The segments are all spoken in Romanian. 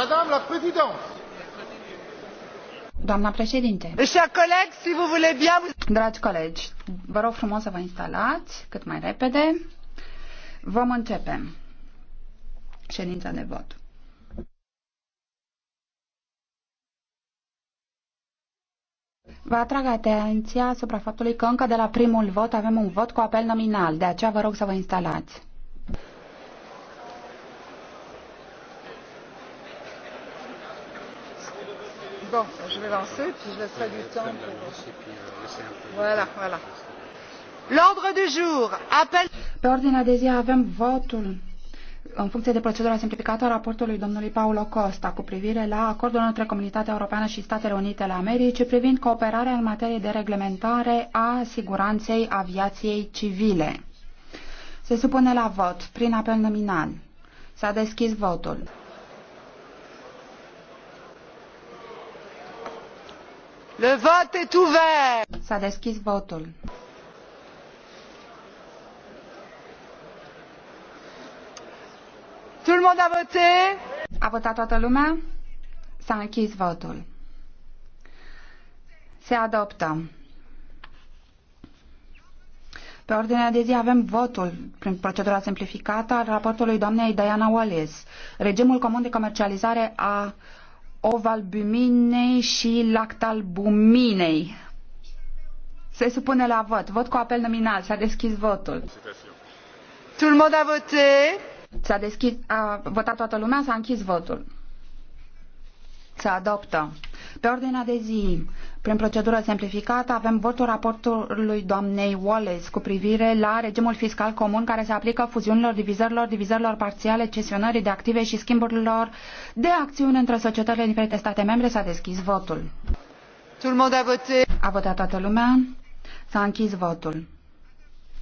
Madame la Présidente. Doamna președinte. Coleg, si vous voulez bien... Dragi colegi, vă rog frumos să vă instalați cât mai repede. Vom începe ședința de vot. Vă atrag atenția asupra faptului că încă de la primul vot avem un vot cu apel nominal, de aceea vă rog să vă instalați. Bon, je vais lancer, puis je laisserai du temps Voilà, voilà. L'ordre du jour appelle... Pe ordinea de zi avem votul în funcție de procedura simplificată a raportului domnului Paulo Costa cu privire la acordul între Comunitatea Europeană și Statele Unite ale Americii privind cooperarea în materie de reglementare a siguranței aviației civile. Se supune la vot prin apel nominal. S-a deschis votul. Le vote est ouvert. S-a deschis votul. Tout le monde a voté? A votat toată lumea? S-a închis votul. Se adoptă. Pe ordinea de zi avem votul prin procedura simplificată al raportului doamnei Diana Wallace, regimul comun de comercializare a ovalbuminei și lactalbuminei. Se supune la vot. Vot cu apel nominal. S-a deschis votul. Tout le monde a voté. S-a deschis, a votat toată lumea, s-a închis votul. Se adoptă. Pe ordinea de zi, prin procedură simplificată, avem votul raportului doamnei Wallace cu privire la regimul fiscal comun care se aplică fuziunilor, divizărilor, divizărilor parțiale, cesionării de active și schimburilor de acțiune între societățile diferite state membre. S-a deschis votul. A votat toată lumea. S-a închis votul.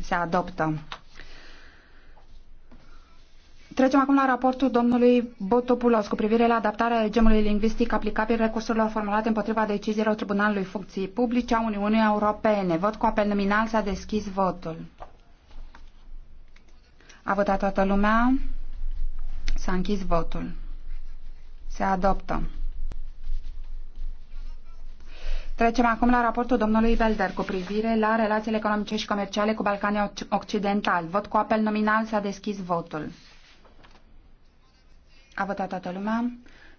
Se adoptă. Trecem acum la raportul domnului Botopulos cu privire la adaptarea regimului lingvistic aplicabil recursurilor formulate împotriva deciziilor Tribunalului Funcției Publice a Uniunii Europene. Vot cu apel nominal s-a deschis votul. A votat toată lumea. S-a închis votul. Se adoptă. Trecem acum la raportul domnului Belder cu privire la relațiile economice și comerciale cu Balcanii Occidentali. Vot cu apel nominal s-a deschis votul. A votat toată lumea?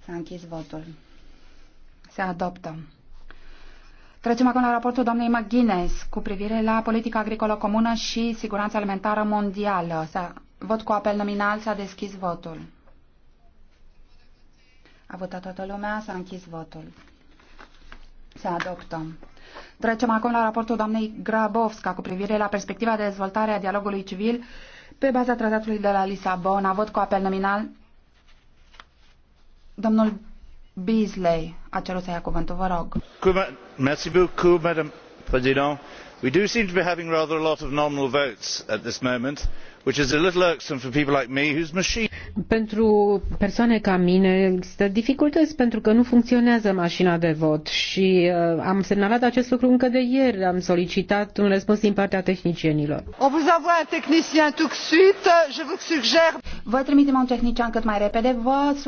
S-a închis votul. Se adoptă. Trecem acum la raportul doamnei McGuinness cu privire la politica agricolă comună și siguranța alimentară mondială. S-a, vot cu apel nominal, s-a deschis votul. A votat toată lumea, s-a închis votul. Se adoptă. Trecem acum la raportul doamnei Grabovska cu privire la perspectiva de dezvoltare a dialogului civil pe baza tratatului de la Lisabona. Vot cu apel nominal, Domnul Beasley a cerut să ia cuvântul, vă rog. We do seem to be having rather a lot of nominal votes at this moment, which is a little irksome for people like me whose machine. Pentru persoane ca mine există dificultăți pentru că nu funcționează mașina de vot și uh, am semnalat acest lucru încă de ieri. Am solicitat un răspuns din partea tehnicienilor. On vous envoie un technicien tout de suite. Je vous suggère. Vă trimitem un tehnician cât mai repede. Vă